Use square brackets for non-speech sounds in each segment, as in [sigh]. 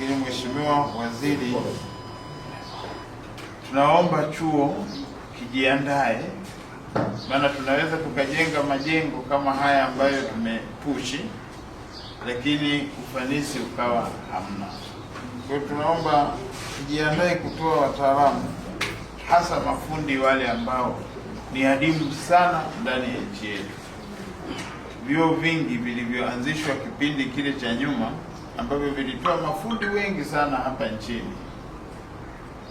Lakini Mheshimiwa Waziri, tunaomba chuo kijiandae, maana tunaweza tukajenga majengo kama haya ambayo tumepushi, lakini ufanisi ukawa hamna. Kwa hiyo tunaomba tujiandae kutoa wataalamu, hasa mafundi wale ambao ni adimu sana ndani ya nchi yetu. Vyuo vingi vilivyoanzishwa kipindi kile cha nyuma ambavyo vilitoa mafundi wengi sana hapa nchini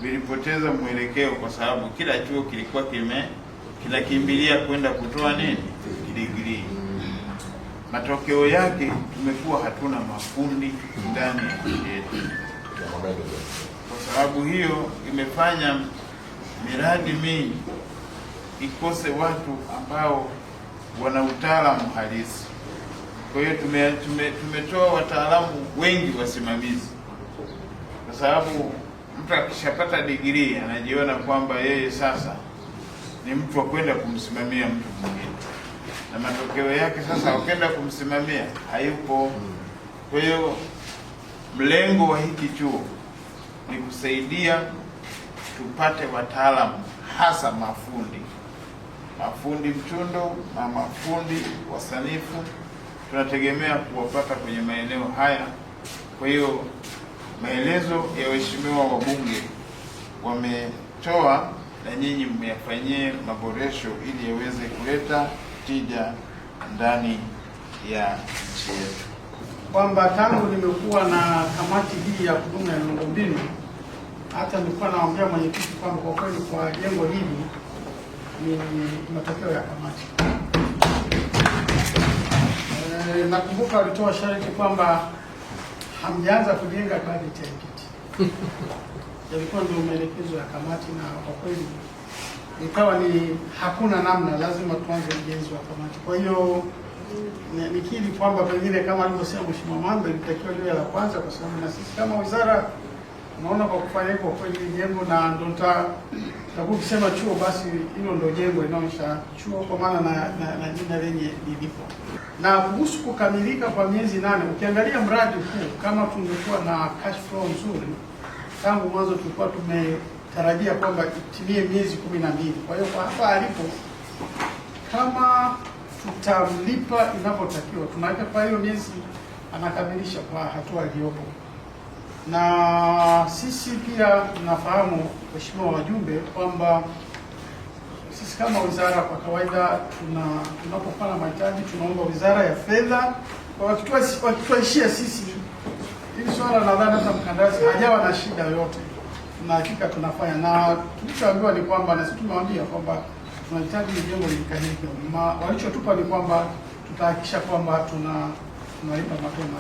vilipoteza mwelekeo, kwa sababu kila chuo kilikuwa kime kinakimbilia kwenda kutoa nini digrii. Matokeo yake tumekuwa hatuna mafundi ndani ya nchi yetu. Kwa sababu hiyo imefanya miradi mingi ikose watu ambao wana utaalamu halisi. Kwa hiyo tume, tume, tumetoa wataalamu wengi wasimamizi, kwa sababu mtu akishapata digrii anajiona kwamba yeye sasa ni mtu wa kwenda kumsimamia mtu mwingine, na matokeo yake sasa wakenda kumsimamia hayupo. Kwa hiyo mlengo wa hiki chuo ni kusaidia tupate wataalamu hasa mafundi, mafundi mchundo na mafundi wasanifu tunategemea kuwapata kwenye maeneo haya. Kwa hiyo maelezo ya waheshimiwa wabunge wametoa na nyinyi mmeyafanyie maboresho ili yaweze kuleta tija ndani ya nchi yetu, kwamba tangu nimekuwa na kamati hii ya kudumu ya miundombinu, hata nilikuwa nawaambia mwenyekiti kwamba kwa kweli kwa jengo hili ni matokeo ya kamati nakumbuka walitoa sharti kwamba hamjaanza kujenga kadi ya [laughs] Yalikuwa ndio maelekezo ya kamati, na kwa kweli ikawa ni hakuna namna, lazima tuanze ujenzi wa kamati. Kwa hiyo nikiri kwamba pengine kama alivyosema Mheshimiwa Mambe ilitakiwa liwe la kwanza, kwa sababu na sisi kama wizara unaona, kwa kufanya hivyo kweli jengo na ndo Utakuwa ukisema chuo basi hilo ndio jengo inaonyesha chuo kwa maana na, na, na jina lenye lilipo. Na kuhusu kukamilika kwa miezi nane, ukiangalia mradi huu kama tungekuwa na cash flow nzuri tangu mwanzo tulikuwa tumetarajia kwamba itimie miezi kumi na mbili. Kwa hiyo kwa hapa alipo kama tutamlipa inapotakiwa tunaweka, kwa hiyo miezi anakamilisha kwa hatua iliyopo na sisi pia tunafahamu, waheshimiwa wajumbe, kwamba sisi kama wizara kwa kawaida tuna tunapofanya mahitaji tunaomba wizara ya fedha, wakituaishia sisi hili swala, nadhani hata mkandarasi hajawa na shida yoyote, na hakika tunafanya na tulichoambiwa ni kwamba, na sisi tumewaambia kwamba tunahitaji jengo likamilike. Walichotupa ni kwamba tutahakikisha kwamba tuna tunalipa mapema.